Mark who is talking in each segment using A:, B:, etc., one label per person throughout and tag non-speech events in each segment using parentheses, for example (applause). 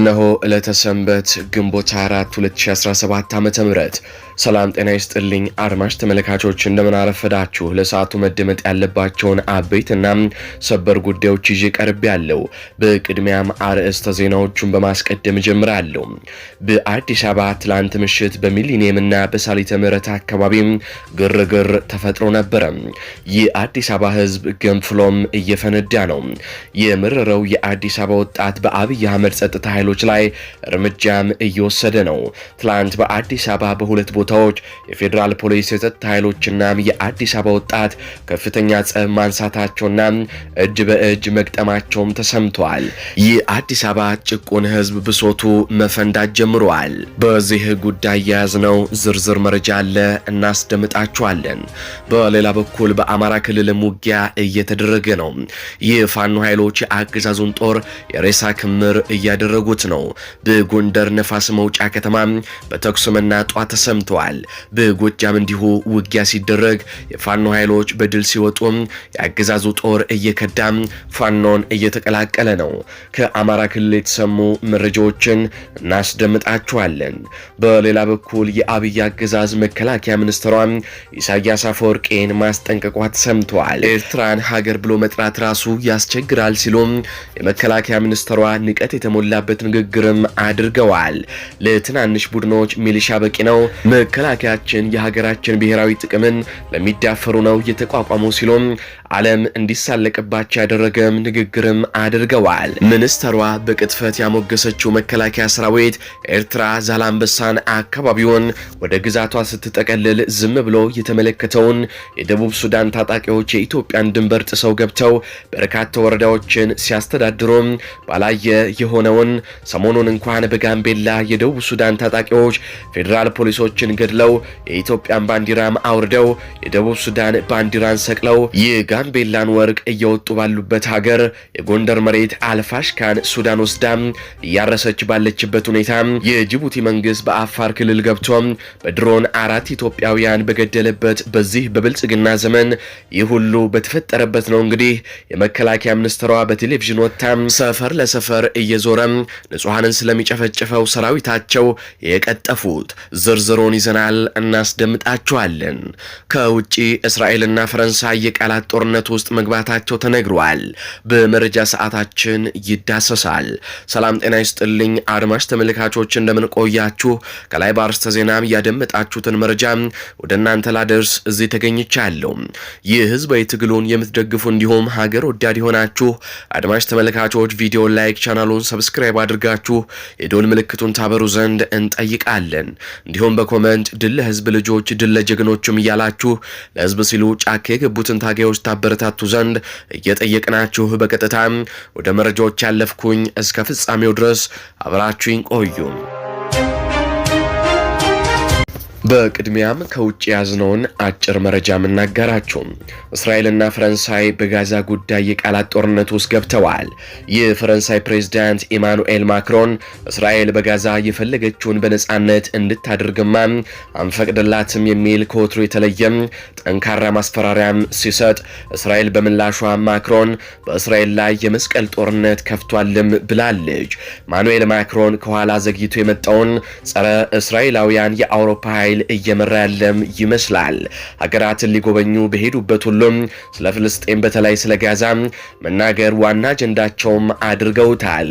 A: እነሆ ዕለተ ሰንበት ግንቦት 4 2017 ዓ.ም። ሰላም ጤና ይስጥልኝ አድማጭ ተመልካቾች፣ እንደምን አረፈዳችሁ። ለሰዓቱ መደመጥ ያለባቸውን አበይት እና ሰበር ጉዳዮች ይዤ ቀርብ ያለው። በቅድሚያም አርዕስተ ዜናዎቹን በማስቀደም እጀምራለሁ። በአዲስ አበባ ትላንት ምሽት እና በሳሊተ ምሕረት አካባቢ ግርግር ተፈጥሮ ነበረ። የአዲስ አበባ ህዝብ ገንፍሎም እየፈነዳ ነው። የምረረው የአዲስ አበባ ወጣት በአብይ አህመድ ጸጥታ ኃይሎ ኃይሎች ላይ እርምጃም እየወሰደ ነው። ትላንት በአዲስ አበባ በሁለት ቦታዎች የፌዴራል ፖሊስ የጸጥታ ኃይሎችና የአዲስ አበባ ወጣት ከፍተኛ ጸብ ማንሳታቸውና እጅ በእጅ መግጠማቸውም ተሰምተዋል። ይህ አዲስ አበባ ጭቁን ህዝብ ብሶቱ መፈንዳት ጀምረዋል። በዚህ ጉዳይ የያዝነው ዝርዝር መረጃ አለ፣ እናስደምጣችኋለን። በሌላ በኩል በአማራ ክልልም ውጊያ እየተደረገ ነው። ይህ ፋኖ ኃይሎች የአገዛዙን ጦር የሬሳ ክምር እያደረጉት እየተናገሩት ነው። በጎንደር ነፋስ መውጫ ከተማ በተኩስ መናጧ ተሰምተዋል። በጎጃም እንዲሁ ውጊያ ሲደረግ የፋኖ ኃይሎች በድል ሲወጡ የአገዛዙ ጦር እየከዳም ፋኖን እየተቀላቀለ ነው። ከአማራ ክልል የተሰሙ መረጃዎችን እናስደምጣችኋለን። በሌላ በኩል የአብይ አገዛዝ መከላከያ ሚኒስትሯ ኢሳያስ አፈወርቄን ማስጠንቀቋ ተሰምተዋል። ኤርትራን ሀገር ብሎ መጥራት ራሱ ያስቸግራል ሲሉም የመከላከያ ሚኒስትሯ ንቀት የተሞላበት ንግግርም አድርገዋል። ለትናንሽ ቡድኖች ሚሊሻ በቂ ነው፣ መከላከያችን የሀገራችን ብሔራዊ ጥቅምን ለሚዳፈሩ ነው የተቋቋመው ሲሉም ዓለም እንዲሳለቅባቸው ያደረገም ንግግርም አድርገዋል። ሚኒስተሯ በቅጥፈት ያሞገሰችው መከላከያ ሰራዊት ኤርትራ ዛላንበሳን አካባቢውን ወደ ግዛቷ ስትጠቀልል ዝም ብሎ የተመለከተውን የደቡብ ሱዳን ታጣቂዎች የኢትዮጵያን ድንበር ጥሰው ገብተው በርካታ ወረዳዎችን ሲያስተዳድሩም ባላየ የሆነውን ሰሞኑን እንኳን በጋምቤላ የደቡብ ሱዳን ታጣቂዎች ፌዴራል ፖሊሶችን ገድለው የኢትዮጵያን ባንዲራም አውርደው የደቡብ ሱዳን ባንዲራን ሰቅለው ይጋ የጋምቤላን ወርቅ እየወጡ ባሉበት ሀገር የጎንደር መሬት አልፋሽካን ሱዳን ወስዳ እያረሰች ባለችበት ሁኔታ የጅቡቲ መንግስት በአፋር ክልል ገብቶ በድሮን አራት ኢትዮጵያውያን በገደለበት በዚህ በብልጽግና ዘመን ይህ ሁሉ በተፈጠረበት ነው እንግዲህ የመከላከያ ሚኒስትሯ በቴሌቪዥን ወጥታ ሰፈር ለሰፈር እየዞረ ንጹሐንን ስለሚጨፈጭፈው ሰራዊታቸው የቀጠፉት ዝርዝሩን ይዘናል፣ እናስደምጣችኋለን። ከውጭ እስራኤልና ፈረንሳይ የቃላት ጦርነት ጦርነት ውስጥ መግባታቸው ተነግሯል። በመረጃ ሰዓታችን ይዳሰሳል። ሰላም ጤና ይስጥልኝ አድማጭ ተመልካቾች እንደምንቆያችሁ ከላይ በአርስተ ዜና ያደመጣችሁትን መረጃ ወደ እናንተ ላደርስ እዚህ ተገኝቻለሁ። ይህ ህዝባዊ ትግሉን የምትደግፉ እንዲሁም ሀገር ወዳድ የሆናችሁ አድማጭ ተመልካቾች ቪዲዮ ላይክ፣ ቻናሉን ሰብስክራይብ አድርጋችሁ የዶል ምልክቱን ታበሩ ዘንድ እንጠይቃለን። እንዲሁም በኮመንት ድል ለህዝብ ልጆች፣ ድል ለጀግኖችም እያላችሁ ለህዝብ ሲሉ ጫካ የገቡትን ታጋዮች ታብ ታበረታቱ ዘንድ እየጠየቅናችሁ በቀጥታ ወደ መረጃዎች ያለፍኩኝ፣ እስከ ፍጻሜው ድረስ አብራችሁኝ ቆዩ። በቅድሚያም ከውጭ የያዝነውን አጭር መረጃ የምናገራችሁ እስራኤልና ፈረንሳይ በጋዛ ጉዳይ የቃላት ጦርነት ውስጥ ገብተዋል። የፈረንሳይ ፕሬዝዳንት ኢማኑኤል ማክሮን እስራኤል በጋዛ የፈለገችውን በነፃነት እንድታደርግማ አንፈቅድላትም የሚል ከወትሮ የተለየም ጠንካራ ማስፈራሪያም ሲሰጥ፣ እስራኤል በምላሿ ማክሮን በእስራኤል ላይ የመስቀል ጦርነት ከፍቷልም ብላለች። ማኑኤል ማክሮን ከኋላ ዘግይቶ የመጣውን ጸረ እስራኤላውያን የአውሮፓ ኃይል ኃይል እየመራ ያለም ይመስላል። ሀገራትን ሊጎበኙ በሄዱበት ሁሉም ስለ ፍልስጤም በተለይ ስለ ጋዛ መናገር ዋና አጀንዳቸውም አድርገውታል።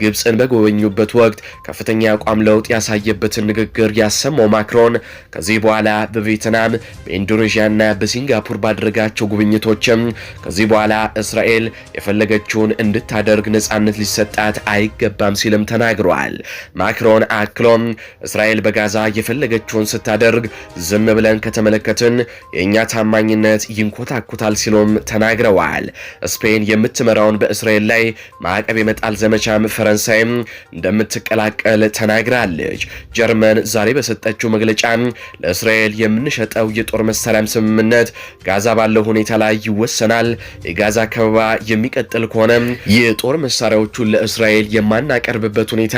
A: ግብፅን በጎበኙበት ወቅት ከፍተኛ አቋም ለውጥ ያሳየበትን ንግግር ያሰማው ማክሮን ከዚህ በኋላ በቬትናም በኢንዶኔዥያና በሲንጋፖር ባደረጋቸው ጉብኝቶችም ከዚህ በኋላ እስራኤል የፈለገችውን እንድታደርግ ነፃነት ሊሰጣት አይገባም ሲልም ተናግረዋል። ማክሮን አክሎም እስራኤል በጋዛ የፈለገችውን ስታ ስታደርግ ዝም ብለን ከተመለከትን የእኛ ታማኝነት ይንኮታኩታል ሲሉም ተናግረዋል። ስፔን የምትመራውን በእስራኤል ላይ ማዕቀብ የመጣል ዘመቻም ፈረንሳይም እንደምትቀላቀል ተናግራለች። ጀርመን ዛሬ በሰጠችው መግለጫ ለእስራኤል የምንሸጠው የጦር መሳሪያም ስምምነት ጋዛ ባለው ሁኔታ ላይ ይወሰናል። የጋዛ ከበባ የሚቀጥል ከሆነ የጦር መሳሪያዎቹን ለእስራኤል የማናቀርብበት ሁኔታ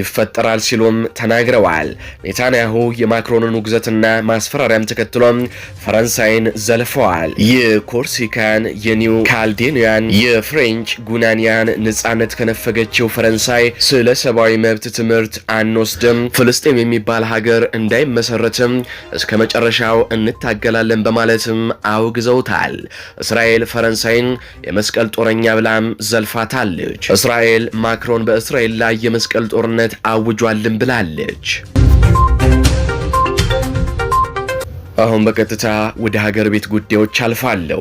A: ይፈጠራል ሲሉም ተናግረዋል። ኔታንያሁ የማክሮ የድሮንን ውግዘትና ማስፈራሪያም ተከትሎም ፈረንሳይን ዘልፈዋል። የኮርሲካን፣ የኒው ካልዴኒያን፣ የፍሬንች ጉናኒያን ነጻነት ከነፈገችው ፈረንሳይ ስለ ሰብአዊ መብት ትምህርት አንወስድም፣ ፍልስጤም የሚባል ሀገር እንዳይመሰረትም እስከ መጨረሻው እንታገላለን በማለትም አውግዘውታል። እስራኤል ፈረንሳይን የመስቀል ጦረኛ ብላም ዘልፋታለች። እስራኤል ማክሮን በእስራኤል ላይ የመስቀል ጦርነት አውጇልን ብላለች። አሁን በቀጥታ ወደ ሀገር ቤት ጉዳዮች አልፋለሁ።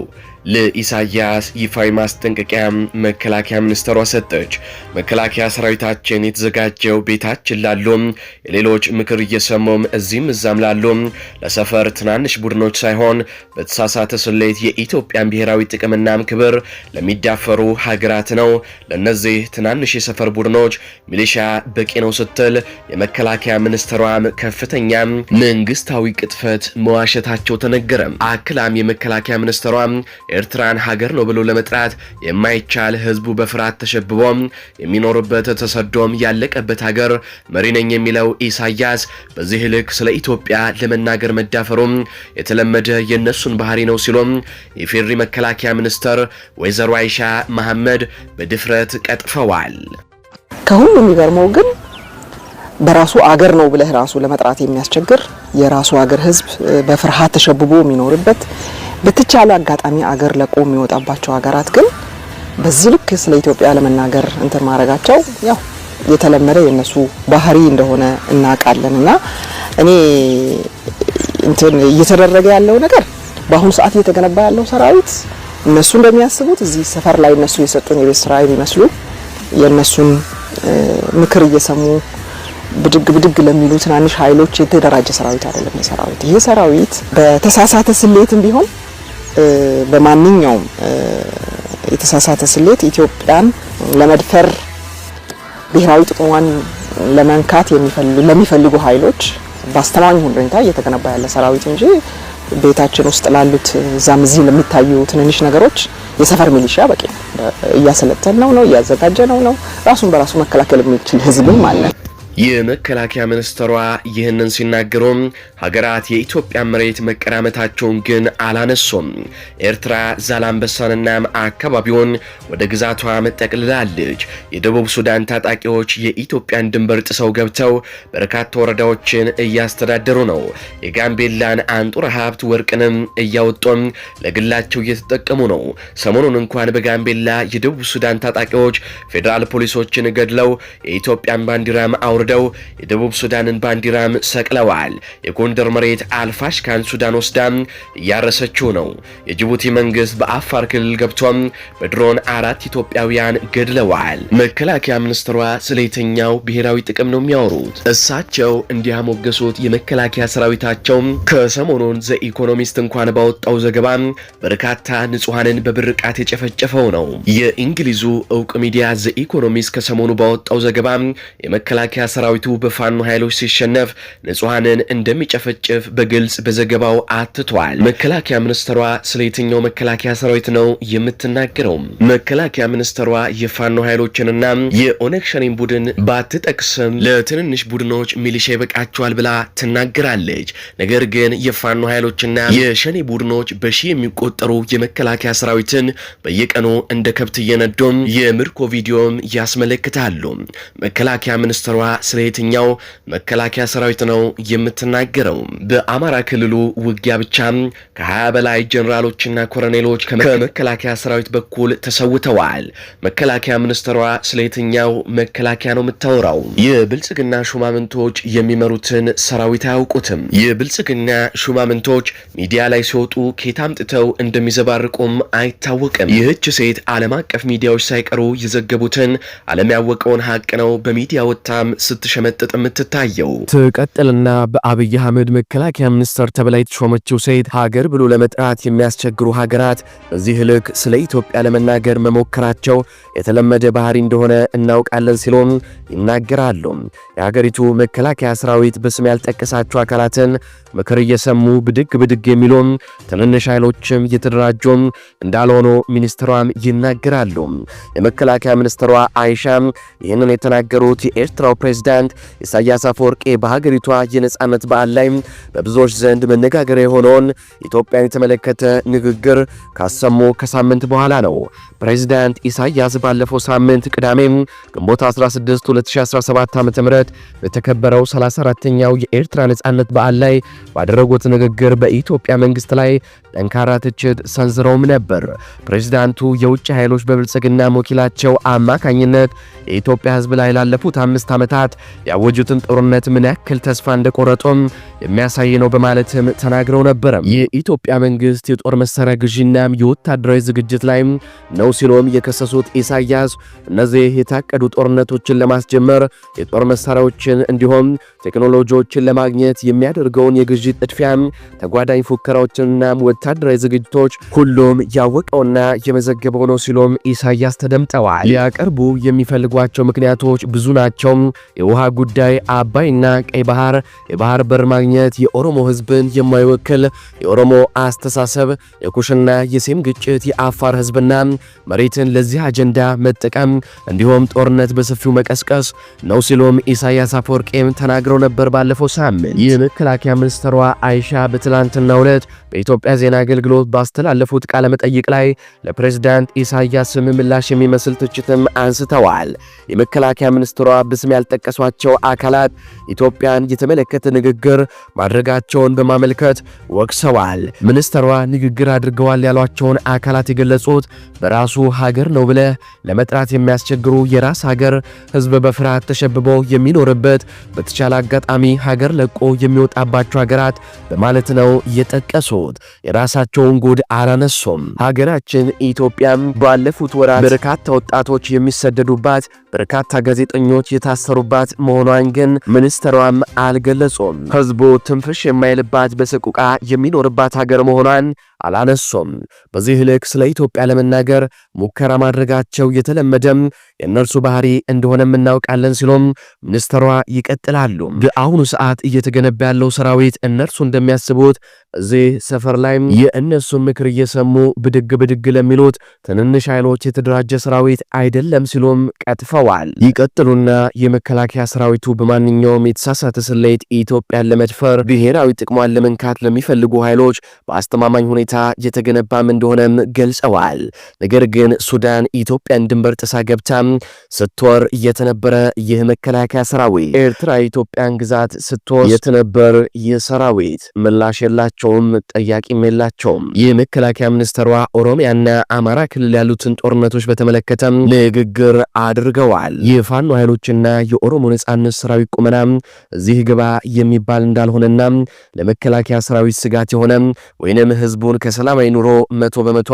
A: ለኢሳያስ ይፋዊ ማስጠንቀቂያ መከላከያ ሚኒስተሯ ሰጠች። መከላከያ ሰራዊታችን የተዘጋጀው ቤታችን ላሉም የሌሎች ምክር እየሰሙም እዚህም እዛም ላሉም ለሰፈር ትናንሽ ቡድኖች ሳይሆን በተሳሳተ ስሌት የኢትዮጵያን ብሔራዊ ጥቅምናም ክብር ለሚዳፈሩ ሀገራት ነው። ለእነዚህ ትናንሽ የሰፈር ቡድኖች ሚሊሻ በቂ ነው ስትል የመከላከያ ሚኒስትሯም ከፍተኛ መንግስታዊ ቅጥፈት መዋሸታቸው ተነገረም። አክላም የመከላከያ ሚኒስተሯም ኤርትራን ሀገር ነው ብሎ ለመጥራት የማይቻል ህዝቡ በፍርሃት ተሸብቦም የሚኖርበት ተሰዶም ያለቀበት ሀገር መሪ ነኝ የሚለው ኢሳያስ በዚህ ልክ ስለ ኢትዮጵያ ለመናገር መዳፈሩም የተለመደ የእነሱን ባህሪ ነው ሲሎም የፌሪ መከላከያ ሚኒስተር ወይዘሮ አይሻ መሐመድ በድፍረት ቀጥፈዋል።
B: ከሁሉ የሚገርመው ግን በራሱ አገር ነው ብለህ ራሱ ለመጥራት የሚያስቸግር የራሱ አገር ህዝብ በፍርሃት ተሸብቦ የሚኖርበት በተቻለ አጋጣሚ አገር ለቆ የሚወጣባቸው ሀገራት ግን በዚህ ልክ ስለ ኢትዮጵያ ለመናገር እንትን ማድረጋቸው ያው የተለመደ የነሱ ባህሪ እንደሆነ እናውቃለን። እና እኔ እንትን እየተደረገ ያለው ነገር በአሁኑ ሰዓት እየተገነባ ያለው ሰራዊት እነሱ እንደሚያስቡት እዚህ ሰፈር ላይ እነሱ የሰጡን የቤት ስራ የሚመስሉ የእነሱን ምክር እየሰሙ ብድግ ብድግ ለሚሉ ትናንሽ ኃይሎች የተደራጀ ሰራዊት አይደለም። ሰራዊት ይህ ሰራዊት በተሳሳተ ስሌትም ቢሆን በማንኛውም የተሳሳተ ስሌት ኢትዮጵያን ለመድፈር ብሔራዊ ጥቅሟን ለመንካት ለሚፈልጉ ኃይሎች በአስተማማኝ ሁኔታ እየተገነባ ያለ ሰራዊት እንጂ ቤታችን ውስጥ ላሉት እዛም እዚህ ለሚታዩ ትንንሽ ነገሮች የሰፈር ሚሊሻ በቂ እያሰለጠን ነው ነው እያዘጋጀ ነው ነው ራሱን በራሱ መከላከል የሚችል ህዝብም አለን።
A: የመከላከያ ሚኒስትሯ ይህንን ሲናገሩም ሀገራት የኢትዮጵያ መሬት መቀራመታቸውን ግን አላነሱም። ኤርትራ ዛላንበሳንና አካባቢውን ወደ ግዛቷ መጠቅልላለች። የደቡብ ሱዳን ታጣቂዎች የኢትዮጵያን ድንበር ጥሰው ገብተው በርካታ ወረዳዎችን እያስተዳደሩ ነው። የጋምቤላን አንጡረ ሀብት ወርቅንም እያወጡም ለግላቸው እየተጠቀሙ ነው። ሰሞኑን እንኳን በጋምቤላ የደቡብ ሱዳን ታጣቂዎች ፌዴራል ፖሊሶችን ገድለው የኢትዮጵያን ባንዲራም አውር ወርደው የደቡብ ሱዳንን ባንዲራም ሰቅለዋል። የጎንደር መሬት አልፋሽካን ሱዳን ወስዳም እያረሰችው ነው። የጅቡቲ መንግስት በአፋር ክልል ገብቶም በድሮን አራት ኢትዮጵያውያን ገድለዋል። መከላከያ ሚኒስትሯ ስለ የተኛው ብሔራዊ ጥቅም ነው የሚያወሩት? እሳቸው እንዲያሞገሱት የመከላከያ ሰራዊታቸው ከሰሞኑን ዘኢኮኖሚስት እንኳን ባወጣው ዘገባ በርካታ ንጹሐንን በብርቃት የጨፈጨፈው ነው። የእንግሊዙ እውቅ ሚዲያ ዘኢኮኖሚስት ከሰሞኑ ባወጣው ዘገባ የመከላከያ ሰራዊቱ በፋኖ ኃይሎች ሲሸነፍ ንጹሐንን እንደሚጨፈጭፍ በግልጽ በዘገባው አትቷል። መከላከያ ሚኒስትሯ ስለ የትኛው መከላከያ ሰራዊት ነው የምትናገረው? መከላከያ ሚኒስትሯ የፋኖ ኃይሎችንና የኦነግ ሸኔን ቡድን ባትጠቅስም ለትንንሽ ቡድኖች ሚሊሻ ይበቃቸዋል ብላ ትናገራለች። ነገር ግን የፋኖ ኃይሎችና የሸኔ ቡድኖች በሺ የሚቆጠሩ የመከላከያ ሰራዊትን በየቀኑ እንደ ከብት እየነዱም የምርኮ ቪዲዮም ያስመለክታሉ። መከላከያ ሚኒስትሯ ስለ የትኛው መከላከያ ሰራዊት ነው የምትናገረው? በአማራ ክልሉ ውጊያ ብቻ ከ20 በላይ ጀኔራሎችና ኮሎኔሎች ከመከላከያ ሰራዊት በኩል ተሰውተዋል። መከላከያ ሚኒስትሯ ስለ የትኛው መከላከያ ነው የምታወራው? የብልጽግና ሹማምንቶች የሚመሩትን ሰራዊት አያውቁትም። የብልጽግና ሹማምንቶች ሚዲያ ላይ ሲወጡ ኬት አምጥተው እንደሚዘባርቁም አይታወቅም። ይህች ሴት ዓለም አቀፍ ሚዲያዎች ሳይቀሩ የዘገቡትን ዓለም ያወቀውን ሀቅ ነው በሚዲያ ወጥታም ስትሸመጥጥ የምትታየው። ትቀጥልና በአብይ አህመድ መከላከያ ሚኒስተር ተብላ የተሾመችው ሴት ሀገር ብሎ ለመጥራት የሚያስቸግሩ ሀገራት በዚህ ልክ ስለ ኢትዮጵያ ለመናገር መሞከራቸው የተለመደ ባህሪ እንደሆነ እናውቃለን ሲሉም ይናገራሉ። የሀገሪቱ መከላከያ ሰራዊት በስም ያልጠቀሳቸው አካላትን ምክር እየሰሙ ብድግ ብድግ የሚሉም ትንንሽ ኃይሎችም እየተደራጁም እንዳልሆኑ ሚኒስትሯም ይናገራሉ። የመከላከያ ሚኒስትሯ አይሻም ይህንን የተናገሩት የኤርትራው ፕሬዚዳንት ፕሬዝዳንት ኢሳያስ አፈወርቄ በሀገሪቷ የነፃነት በዓል ላይ በብዙዎች ዘንድ መነጋገሪያ የሆነውን ኢትዮጵያን የተመለከተ ንግግር ካሰሙ ከሳምንት በኋላ ነው። ፕሬዝዳንት ኢሳያስ ባለፈው ሳምንት ቅዳሜ ግንቦት 16 2017 ዓ ም በተከበረው 34ኛው የኤርትራ ነፃነት በዓል ላይ ባደረጉት ንግግር በኢትዮጵያ መንግሥት ላይ ጠንካራ ትችት ሰንዝረውም ነበር። ፕሬዝዳንቱ የውጭ ኃይሎች በብልጽግና ወኪላቸው አማካኝነት የኢትዮጵያ ሕዝብ ላይ ላለፉት አምስት ዓመታት ሰዓት ያወጁትን ጦርነት ምን ያክል ተስፋ እንደቆረጡም የሚያሳይ ነው በማለትም ተናግረው ነበረ። የኢትዮጵያ መንግስት የጦር መሳሪያ ግዢና የወታደራዊ ዝግጅት ላይ ነው ሲሉም የከሰሱት ኢሳያስ እነዚህ የታቀዱ ጦርነቶችን ለማስጀመር የጦር መሳሪያዎችን እንዲሁም ቴክኖሎጂዎችን ለማግኘት የሚያደርገውን የግዢ ጥድፊያ፣ ተጓዳኝ ፉከራዎችንና ወታደራዊ ዝግጅቶች ሁሉም ያወቀውና የመዘገበው ነው ሲሉም ኢሳያስ ተደምጠዋል። ሊያቀርቡ የሚፈልጓቸው ምክንያቶች ብዙ ናቸው። የውሃ ጉዳይ፣ አባይና ቀይ ባህር፣ የባህር በር ማግኘት ማግኘት የኦሮሞ ህዝብን የማይወክል የኦሮሞ አስተሳሰብ፣ የኩሽና የሴም ግጭት፣ የአፋር ህዝብና መሬትን ለዚህ አጀንዳ መጠቀም እንዲሁም ጦርነት በሰፊው መቀስቀስ ነው ሲሉም ኢሳያስ አፈወርቄም ተናግረው ነበር ባለፈው ሳምንት። የመከላከያ ሚኒስትሯ አይሻ በትላንትናው ዕለት በኢትዮጵያ ዜና አገልግሎት ባስተላለፉት ቃለ መጠይቅ ላይ ለፕሬዝዳንት ኢሳያስ ምላሽ የሚመስል ትችትም አንስተዋል። የመከላከያ ሚኒስትሯ በስም ያልጠቀሷቸው አካላት ኢትዮጵያን የተመለከተ ንግግር ማድረጋቸውን በማመልከት ወቅሰዋል። ሚኒስትሯ ንግግር አድርገዋል ያሏቸውን አካላት የገለጹት በራሱ ሀገር ነው ብለህ ለመጥራት የሚያስቸግሩ የራስ ሀገር ህዝብ በፍርሃት ተሸብቦ የሚኖርበት በተቻለ አጋጣሚ ሀገር ለቆ የሚወጣባቸው ሀገራት በማለት ነው የጠቀሱት። የራሳቸውን ጉድ አላነሱም። ሀገራችን ኢትዮጵያም ባለፉት ወራት በርካታ ወጣቶች የሚሰደዱባት በርካታ ጋዜጠኞች የታሰሩባት መሆኗን ግን ሚኒስትሯም አልገለጹም። ህዝቡ ትንፍሽ የማይልባት በሰቁቃ የሚኖርባት ሀገር መሆኗን አላነሱም። በዚህ ልክ ስለ ኢትዮጵያ ለመናገር ሙከራ ማድረጋቸው የተለመደም የእነርሱ ባህሪ እንደሆነም እናውቃለን ሲሉም ሚኒስትሯ ይቀጥላሉ። በአሁኑ ሰዓት እየተገነባ ያለው ሰራዊት እነርሱ እንደሚያስቡት እዚህ ሰፈር ላይም የእነሱን ምክር እየሰሙ ብድግ ብድግ ለሚሉት ትንንሽ ኃይሎች የተደራጀ ሰራዊት አይደለም ሲሉም ቀጥፈዋል። ይቀጥሉና የመከላከያ ሰራዊቱ በማንኛውም የተሳሳተ ስሌት ኢትዮጵያን ለመድፈር ብሔራዊ ጥቅሟን ለመንካት ለሚፈልጉ ኃይሎች በአስተማማኝ ሁኔታ የተገነባም እንደሆነም ገልጸዋል። ነገር ግን ሱዳን ኢትዮጵያን ድንበር ጥሳ ገብታም ስትወር የተነበረ ይህ መከላከያ ሰራዊት፣ ኤርትራ የኢትዮጵያን ግዛት ስትወር የተነበር ይህ ሰራዊት ምላሽ የላቸው የላቸውም፣ ጠያቂም የላቸውም። የመከላከያ ሚኒስትሯ ኦሮሚያና አማራ ክልል ያሉትን ጦርነቶች በተመለከተ ንግግር አድርገዋል። የፋኖ ኃይሎችና የኦሮሞ ነጻነት ሰራዊት ቁመና እዚህ ግባ የሚባል እንዳልሆነና ለመከላከያ ሰራዊት ስጋት የሆነ ወይንም ህዝቡን ከሰላማዊ ኑሮ መቶ በመቶ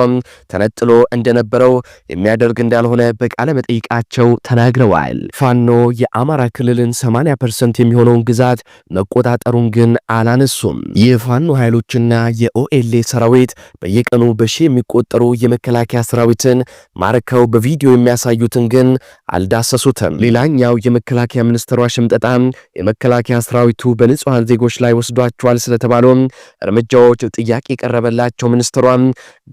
A: ተነጥሎ እንደነበረው የሚያደርግ እንዳልሆነ በቃለ መጠይቃቸው ተናግረዋል። ፋኖ የአማራ ክልልን 80 ፐርሰንት የሚሆነውን ግዛት መቆጣጠሩን ግን አላነሱም። የፋኖ ኃይሎች ኃይሎችና የኦኤልኤ ሰራዊት በየቀኑ በሺ የሚቆጠሩ የመከላከያ ሰራዊትን ማርከው በቪዲዮ የሚያሳዩትን ግን አልዳሰሱትም። ሌላኛው የመከላከያ ሚኒስትሯ ሽምጠጣ የመከላከያ ሰራዊቱ በንጹሐን ዜጎች ላይ ወስዷቸዋል ስለተባሉ እርምጃዎች ጥያቄ የቀረበላቸው ሚኒስትሯ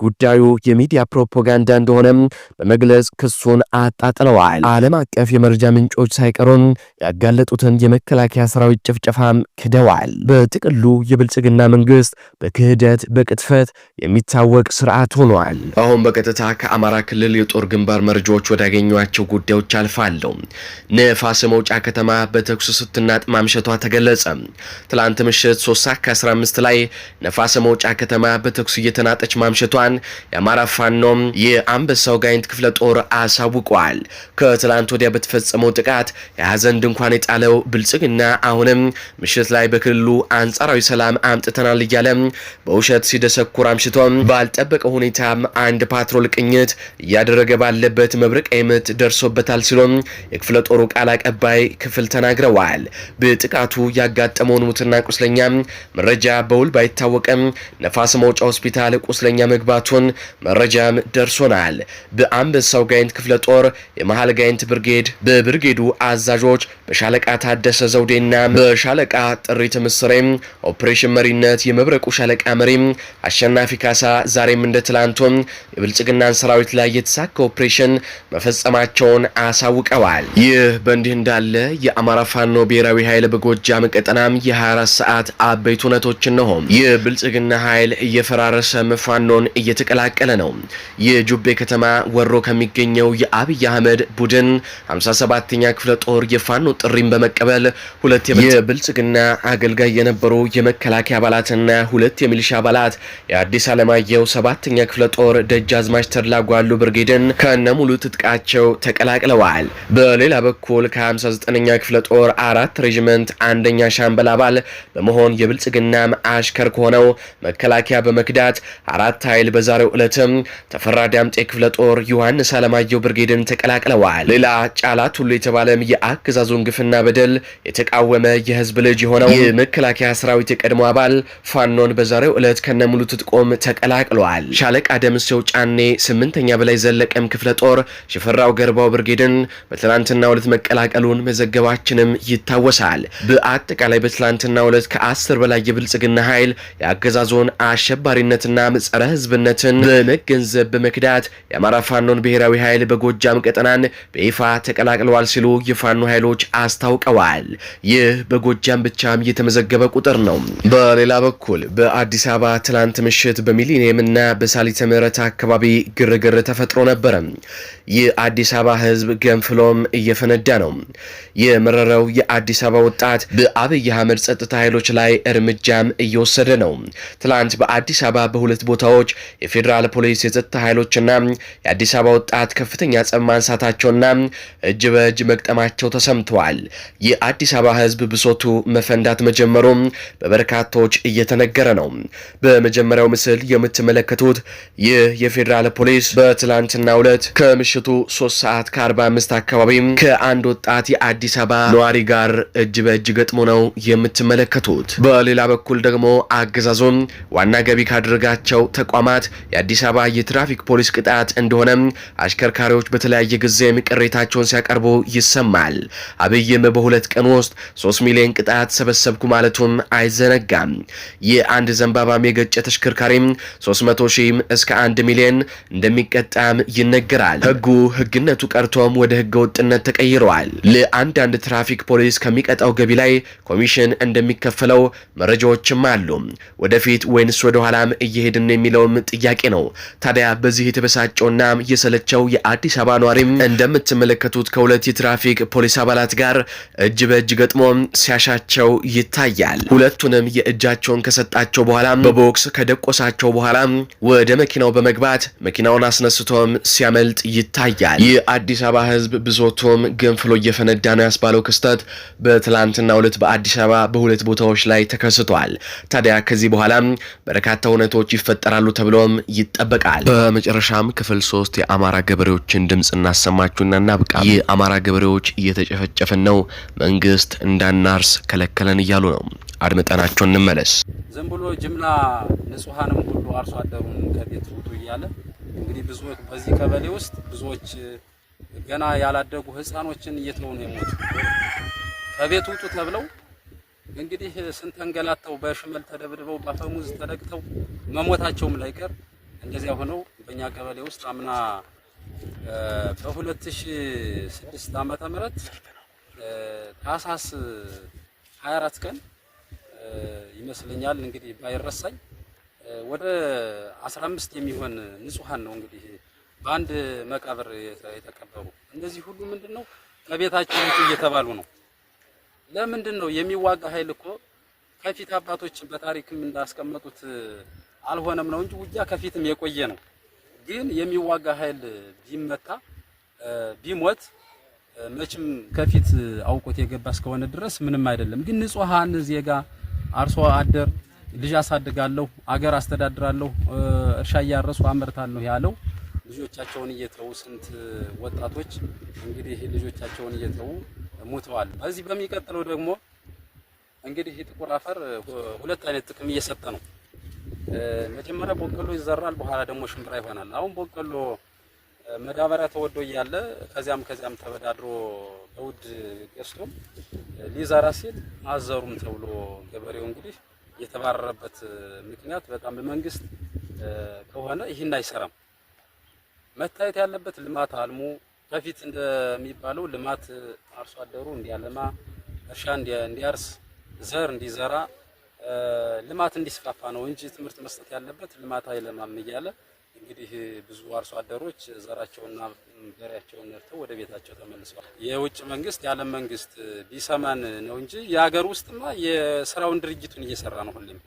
A: ጉዳዩ የሚዲያ ፕሮፓጋንዳ እንደሆነም በመግለጽ ክሱን አጣጥለዋል። ዓለም አቀፍ የመረጃ ምንጮች ሳይቀሩም ያጋለጡትን የመከላከያ ሰራዊት ጭፍጨፋም ክደዋል። በጥቅሉ የብልጽግና መንግስት መንግስት በክህደት በቅጥፈት የሚታወቅ ስርዓት ሆኗል። አሁን በቀጥታ ከአማራ ክልል የጦር ግንባር መረጃዎች ወዳገኟቸው ጉዳዮች አልፋለሁ። ነፋስ መውጫ ከተማ በተኩስ ስትናጥ ማምሸቷ ተገለጸ። ትላንት ምሽት 3 ሰዓት ከ15 ላይ ነፋስ መውጫ ከተማ በተኩስ እየተናጠች ማምሸቷን የአማራ ፋኖም የአንበሳው ጋይንት ክፍለ ጦር አሳውቋል። ከትላንት ወዲያ በተፈጸመው ጥቃት የሀዘን ድንኳን የጣለው ብልጽግና አሁንም ምሽት ላይ በክልሉ አንጻራዊ ሰላም አምጥተናል እያለ በውሸት ሲደሰኩር አምሽቶ ባልጠበቀ ሁኔታ አንድ ፓትሮል ቅኝት እያደረገ ባለበት መብረቃዊ ምት ደርሶበታል ሲሉ የክፍለ ጦሩ ቃል አቀባይ ክፍል ተናግረዋል። በጥቃቱ ያጋጠመውን ሙትና ቁስለኛ መረጃ በውል ባይታወቅም ነፋስ መውጫ ሆስፒታል ቁስለኛ መግባቱን መረጃም ደርሶናል። በአንበሳው ጋይንት ክፍለ ጦር የመሀል ጋይንት ብርጌድ በብርጌዱ አዛዦች በሻለቃ ታደሰ ዘውዴና በሻለቃ ጥሪት ምስሬም ኦፕሬሽን መሪነት የመ የመብረቁ ሻለቃ መሪም አሸናፊ ካሳ ዛሬም እንደ ትላንቶም የብልጽግናን ሰራዊት ላይ የተሳካ ኦፕሬሽን መፈጸማቸውን አሳውቀዋል። ይህ በእንዲህ እንዳለ የአማራ ፋኖ ብሔራዊ ኃይል በጎጃም ቀጠናም የ24 ሰዓት አበይት እውነቶችን ነው። ይህ ብልጽግና ኃይል እየፈራረሰ ምፋኖን እየተቀላቀለ ነው። የጁቤ ከተማ ወሮ ከሚገኘው የአብይ አህመድ ቡድን 57ኛ ክፍለ ጦር የፋኖ ጥሪን በመቀበል ሁለት የብልጽግና አገልጋይ የነበሩ የመከላከያ አባላትና ሁለት የሚሊሻ አባላት የአዲስ አለማየሁ ሰባተኛ ክፍለ ጦር ደጃዝማች ተድላ ጓሉ ብርጌድን ከነሙሉ ትጥቃቸው ተቀላቅለዋል። በሌላ በኩል ከ59ኛ ክፍለ ጦር አራት ሬጅመንት አንደኛ ሻምበል አባል በመሆን የብልጽግና አሽከር ከሆነው መከላከያ በመክዳት አራት ኃይል በዛሬው ዕለትም ተፈራ ዳምጤ ክፍለ ጦር ዮሐንስ አለማየሁ ብርጌድን ተቀላቅለዋል። ሌላ ጫላት ሁሉ የተባለም የአገዛዙን ግፍና በደል የተቃወመ የህዝብ ልጅ የሆነው የመከላከያ ሰራዊት የቀድሞ አባል ፋኖን በዛሬው ዕለት ከነሙሉ ትጥቆም ተቀላቅሏል። ሻለቃ ደምሴው ጫኔ ስምንተኛ በላይ ዘለቀም ክፍለ ጦር ሽፈራው ገርባው ብርጌድን በትላንትና ዕለት መቀላቀሉን መዘገባችንም ይታወሳል። በአጠቃላይ በትላንትና ዕለት ከአስር በላይ የብልጽግና ኃይል የአገዛዞን አሸባሪነትና ጸረ ህዝብነትን በመገንዘብ በመክዳት የአማራ ፋኖን ብሔራዊ ኃይል በጎጃም ቀጠናን በይፋ ተቀላቅለዋል ሲሉ የፋኖ ኃይሎች አስታውቀዋል። ይህ በጎጃም ብቻም የተመዘገበ ቁጥር ነው። በሌላ በኩል በኩል በአዲስ አበባ ትላንት ምሽት በሚሊኒየም እና በሳሊተ ምህረት አካባቢ ግርግር ተፈጥሮ ነበረ። የአዲስ አበባ ህዝብ ገንፍሎም እየፈነዳ ነው። የመረረው የአዲስ አበባ ወጣት በአብይ አህመድ ጸጥታ ኃይሎች ላይ እርምጃም እየወሰደ ነው። ትላንት በአዲስ አበባ በሁለት ቦታዎች የፌዴራል ፖሊስ የጸጥታ ኃይሎችና የአዲስ አበባ ወጣት ከፍተኛ ጸብ ማንሳታቸውና እጅ በእጅ መቅጠማቸው ተሰምተዋል። የአዲስ አበባ ህዝብ ብሶቱ መፈንዳት መጀመሩም በበርካቶች እየተነ እየተነገረ ነው። በመጀመሪያው ምስል የምትመለከቱት ይህ የፌዴራል ፖሊስ በትላንትናው ዕለት ከምሽቱ 3 ሰዓት ከ45 አካባቢ ከአንድ ወጣት የአዲስ አበባ ነዋሪ ጋር እጅ በእጅ ገጥሞ ነው የምትመለከቱት። በሌላ በኩል ደግሞ አገዛዞን ዋና ገቢ ካደረጋቸው ተቋማት የአዲስ አበባ የትራፊክ ፖሊስ ቅጣት እንደሆነ አሽከርካሪዎች በተለያየ ጊዜም ቅሬታቸውን ሲያቀርቡ ይሰማል። አብይም በሁለት ቀን ውስጥ ሶስት ሚሊዮን ቅጣት ሰበሰብኩ ማለቱም አይዘነጋም። የአንድ ዘንባባ የገጨ ተሽከርካሪም 300 ሺህም እስከ 1 ሚሊዮን እንደሚቀጣም ይነገራል። ህጉ ህግነቱ ቀርቶም ወደ ህገ ወጥነት ተቀይረዋል። ለአንዳንድ ትራፊክ ፖሊስ ከሚቀጣው ገቢ ላይ ኮሚሽን እንደሚከፈለው መረጃዎችም አሉ። ወደፊት ወይንስ ወደ ኋላም እየሄድን የሚለውም ጥያቄ ነው። ታዲያ በዚህ የተበሳጨውና የሰለቸው የአዲስ አበባ ኗሪም እንደምትመለከቱት ከሁለት የትራፊክ ፖሊስ አባላት ጋር እጅ በእጅ ገጥሞ ሲያሻቸው ይታያል። ሁለቱንም የእጃቸውን ከሰ ከሰጣቸው በኋላ በቦክስ ከደቆሳቸው በኋላ ወደ መኪናው በመግባት መኪናውን አስነስቶም ሲያመልጥ ይታያል። የአዲስ አበባ ህዝብ ብሶቶም ገንፍሎ እየፈነዳ ነው ያስባለው ክስተት በትላንትናው ዕለት በአዲስ አበባ በሁለት ቦታዎች ላይ ተከስቷል። ታዲያ ከዚህ በኋላ በርካታ እውነቶች ይፈጠራሉ ተብሎም ይጠበቃል። በመጨረሻም ክፍል ሶስት የአማራ ገበሬዎችን ድምፅ እናሰማችሁና እናብቃ። የአማራ ገበሬዎች እየተጨፈጨፍን ነው፣ መንግስት እንዳናርስ ከለከለን እያሉ ነው። አድምጠናቸው እንመለስ።
C: ዝም ብሎ ጅምላ ንጹሐንም ሁሉ አርሶ አደሩን ከቤት ውጡ እያለ እንግዲህ ብዙዎች በዚህ ቀበሌ ውስጥ ብዙዎች ገና ያላደጉ ህፃኖችን እየተው ነው የሞቱ ከቤት ውጡ ተብለው እንግዲህ ስንት በሽመል ተደብድበው በአፈሙዝ ተደግተው መሞታቸውም ላይቀር እንደዚያ ሆነው በእኛ ቀበሌ ውስጥ አምና በ2006 ዓመተ ምህረት ታህሳስ 24 ቀን ይመስለኛል እንግዲህ ባይረሳኝ ወደ 15 የሚሆን ንጹሃን ነው እንግዲህ በአንድ መቃብር የተቀበሩ። እነዚህ ሁሉ ምንድነው ከቤታችን እየተባሉ ነው። ለምንድን ነው የሚዋጋ ኃይል እኮ ከፊት አባቶች በታሪክም እንዳስቀመጡት አልሆነም ነው እንጂ ውጊያ ከፊትም የቆየ ነው። ግን የሚዋጋ ኃይል ቢመታ ቢሞት መቼም ከፊት አውቆት የገባ እስከሆነ ድረስ ምንም አይደለም። ግን ንጹሃን ዜጋ አርሶ አደር ልጅ አሳድጋለሁ፣ አገር አስተዳድራለሁ፣ እርሻ እያረሱ አመርታለሁ ያለው ልጆቻቸውን እየተዉ ስንት ወጣቶች እንግዲህ ልጆቻቸውን እየተዉ ሞተዋል። በዚህ በሚቀጥለው ደግሞ እንግዲህ ጥቁር አፈር ሁለት አይነት ጥቅም እየሰጠ ነው። መጀመሪያ ቦቀሎ ይዘራል፣ በኋላ ደግሞ ሽምብራ ይሆናል። አሁን ቦቀሎ መዳበሪያ ተወዶ እያለ ከዚያም ከዚያም ተበዳድሮ በውድ ገዝቶ ሊዘራ ሲል አዘሩም ተብሎ ገበሬው እንግዲህ የተባረረበት ምክንያት በጣም በመንግስት ከሆነ ይህን አይሰራም። መታየት ያለበት ልማት አልሙ ከፊት እንደሚባለው ልማት አርሶ አደሩ እንዲያለማ እርሻ እንዲያርስ ዘር እንዲዘራ ልማት እንዲስፋፋ ነው እንጂ ትምህርት መስጠት ያለበት ልማት አይለማም እያለ እንግዲህ ብዙ አርሶ አደሮች ዘራቸውና በሬያቸውን ነርተው ወደ ቤታቸው ተመልሰዋል። የውጭ መንግስት የዓለም መንግስት ቢሰማን ነው እንጂ የሀገር ውስጥማ የስራውን ድርጅቱን እየሰራ ነው። ሁሌም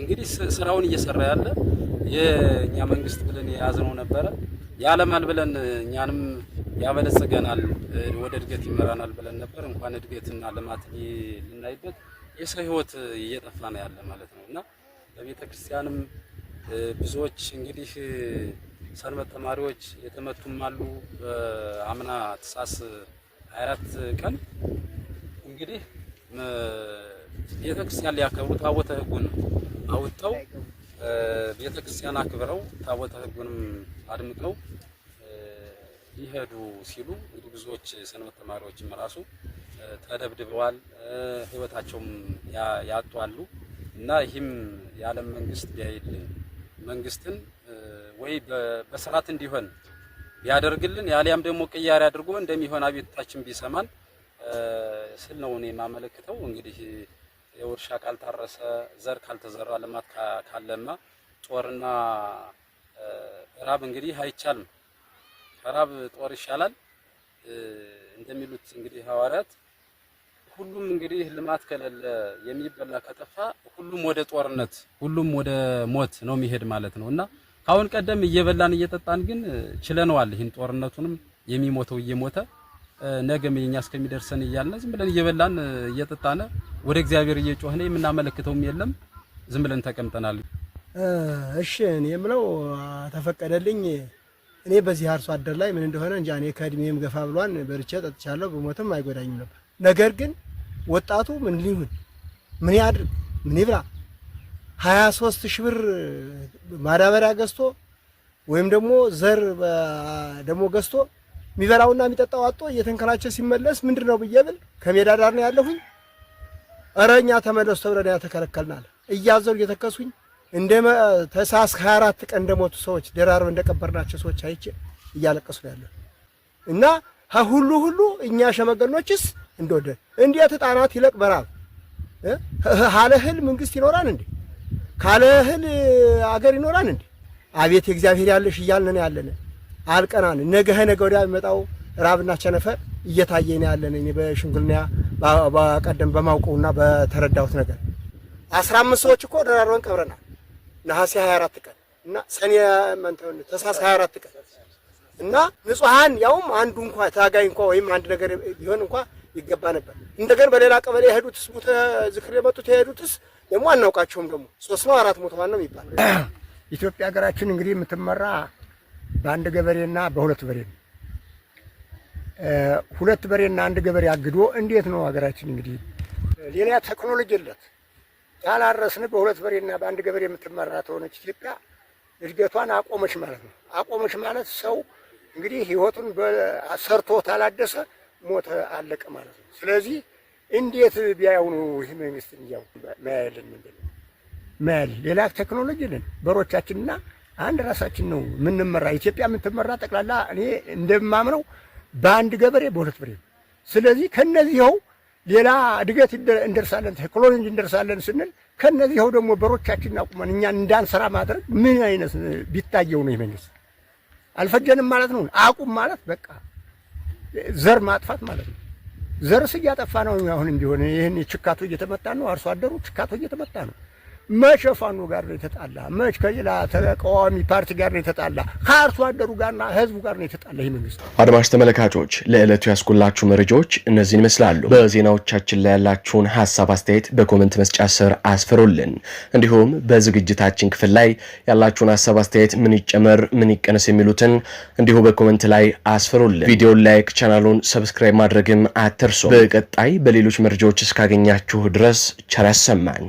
C: እንግዲህ ስራውን እየሰራ ያለ የእኛ መንግስት ብለን የያዝነው ነበረ ያለማል ብለን እኛንም ያበለጽገናል ወደ እድገት ይመራናል ብለን ነበር። እንኳን እድገትና ልማት ልናይበት የሰው ህይወት እየጠፋ ነው ያለ ማለት ነው እና በቤተክርስቲያንም ብዙዎች እንግዲህ ሰንበት ተማሪዎች የተመቱም አሉ። በአምና ትሳስ 24 ቀን እንግዲህ ቤተክርስቲያን ሊያከብሩ ታቦተ ሕጉን አውጥተው ቤተክርስቲያን አክብረው ታቦተ ሕጉንም አድምቀው ሊሄዱ ሲሉ እንግዲህ ብዙዎች ሰንበት ተማሪዎችም ራሱ ተደብድበዋል፣ ህይወታቸውም ያጡ አሉ እና ይህም የዓለም መንግስት ቢያይል መንግስትን ወይ በስርዓት እንዲሆን ቢያደርግልን ያሊያም ደግሞ ቅያሬ አድርጎ እንደሚሆን አቤቱታችን ቢሰማን ስል ነው እኔ የማመለክተው። እንግዲህ የውርሻ ካልታረሰ ዘር ካልተዘራ ልማት ካለማ ጦርና ራብ እንግዲህ አይቻልም። ከራብ ጦር ይሻላል እንደሚሉት እንግዲህ ሐዋርያት ሁሉም እንግዲህ ልማት ከሌለ የሚበላ ከጠፋ ሁሉም ወደ ጦርነት፣ ሁሉም ወደ ሞት ነው የሚሄድ ማለት ነው እና ካሁን ቀደም እየበላን እየጠጣን ግን ችለነዋል። ይህን ጦርነቱንም የሚሞተው እየሞተ ነገም የኛ እስከሚደርሰን እያልን ዝም ብለን እየበላን እየጠጣን ወደ እግዚአብሔር እየጮህን የምናመለክተውም የለም ዝም ብለን ተቀምጠናል።
D: እሺ እኔ የምለው ተፈቀደልኝ። እኔ በዚህ አርሶ አደር ላይ ምን እንደሆነ እንጃ። እኔ ከእድሜም ገፋ ብሏን በርቼ ጠጥቻለሁ፣ በሞትም አይጎዳኝም ነበር ነገር ግን ወጣቱ ምን ሊሁን ምን ያድርግ ምን ይብላ? ሀያ ሶስት ሺህ ብር ማዳበሪያ ገዝቶ ወይም ደግሞ ዘር ደግሞ ገዝቶ የሚበላውና የሚጠጣው አጥቶ እየተንከራቸ ሲመለስ ምንድን ነው ብዬ ብል ከሜዳ ዳር ነው ያለሁኝ። ኧረ እኛ ተመለሱ ተብለን ያተከለከልናል። እያዘሩ እየተከሱኝ እንደ ተሳስ 24 ቀን እንደሞቱ ሰዎች ደራርበው እንደቀበርናቸው ሰዎች አይቼ እያለቀሱ ነው ያለሁ እና ሁሉ ሁሉ እኛ ሸመገሎችስ እንደወደ እንዴት ህጣናት ይለቅ በራብ ካለ እህል መንግስት ይኖራል እንዴ? ካለ እህል አገር ይኖራል እንዴ? አቤት እግዚአብሔር ያለሽ እያልን ነው ያለን። አልቀናን ነገህ ነገ ወዲያ የሚመጣው ራብና ቸነፈር እየታየ ነው ያለን። እኔ በሽምግልና በቀደም በማውቀውና በተረዳሁት ነገር አስራ አምስት ሰዎች እኮ ደራርበን ቀብረናል። ነሐሴ 24 ቀን እና ሰኔ መንተው ተሳስ 24 ቀን እና ንጹሃን ያውም አንዱ እንኳ ታጋይ እንኳ ወይም አንድ ነገር ቢሆን እንኳ ይገባ ነበር። እንደገና በሌላ ቀበሌ የሄዱትስ ዝክር የመጡት የሄዱትስ ደግሞ አናውቃቸውም። ደግሞ ሶስት ነው አራት ማን ነው ይባላል። (clears throat) ኢትዮጵያ ሀገራችን እንግዲህ የምትመራ በአንድ ገበሬና በሁለት በሬ ነው። ሁለት በሬና አንድ ገበሬ አግዶ እንዴት ነው ሀገራችን እንግዲህ ሌላ ቴክኖሎጂ የለት ያላረስን በሁለት በሬና በአንድ ገበሬ የምትመራ ተሆነች ኢትዮጵያ እድገቷን አቆመች ማለት ነው። አቆመች ማለት ሰው እንግዲህ ህይወቱን ሰርቶ ታላደሰ ሞተ አለቀ ማለት ነው። ስለዚህ እንዴት ቢያየው ነው ይህ መንግስት እያው ማያልን ምንድን ማያል ሌላ ቴክኖሎጂ ልን በሮቻችንና አንድ ራሳችን ነው የምንመራ። ኢትዮጵያ የምትመራ ጠቅላላ እኔ እንደማምነው በአንድ ገበሬ በሁለት ብሬ ስለዚህ ከነዚኸው ሌላ እድገት እንደርሳለን፣ ቴክኖሎጂ እንደርሳለን ስንል ከነዚኸው ደግሞ በሮቻችን አቁመን እኛን እንዳንሰራ ማድረግ ምን አይነት ቢታየው ነው ይህ መንግስት አልፈጀንም ማለት ነው። አቁም ማለት በቃ ዘር ማጥፋት ማለት ነው። ዘርስ እያጠፋ ነው። አሁን ቢሆን ይህን ችካቶ እየተመጣ ነው። አርሶ አደሩ ችካቶ እየተመጣ ነው። መቼ ፋኖ ጋር ነው የተጣላ? መቼ ከሌላ ተቃዋሚ ፓርቲ ጋር ነው የተጣላ? ከአርሶ አደሩ ጋርና ህዝቡ ጋር ነው የተጣላ ይህ መንግስት።
A: አድማሽ ተመልካቾች ለዕለቱ ያስኩላችሁ መረጃዎች እነዚህን ይመስላሉ። በዜናዎቻችን ላይ ያላችሁን ሀሳብ አስተያየት በኮመንት መስጫ ስር አስፈሩልን። እንዲሁም በዝግጅታችን ክፍል ላይ ያላችሁን ሀሳብ አስተያየት፣ ምን ይጨመር፣ ምን ይቀነስ የሚሉትን እንዲሁ በኮመንት ላይ አስፈሩልን። ቪዲዮን ላይክ፣ ቻናሉን ሰብስክራይብ ማድረግም አትርሱ። በቀጣይ በሌሎች መረጃዎች እስካገኛችሁ ድረስ ቸር ያሰማን።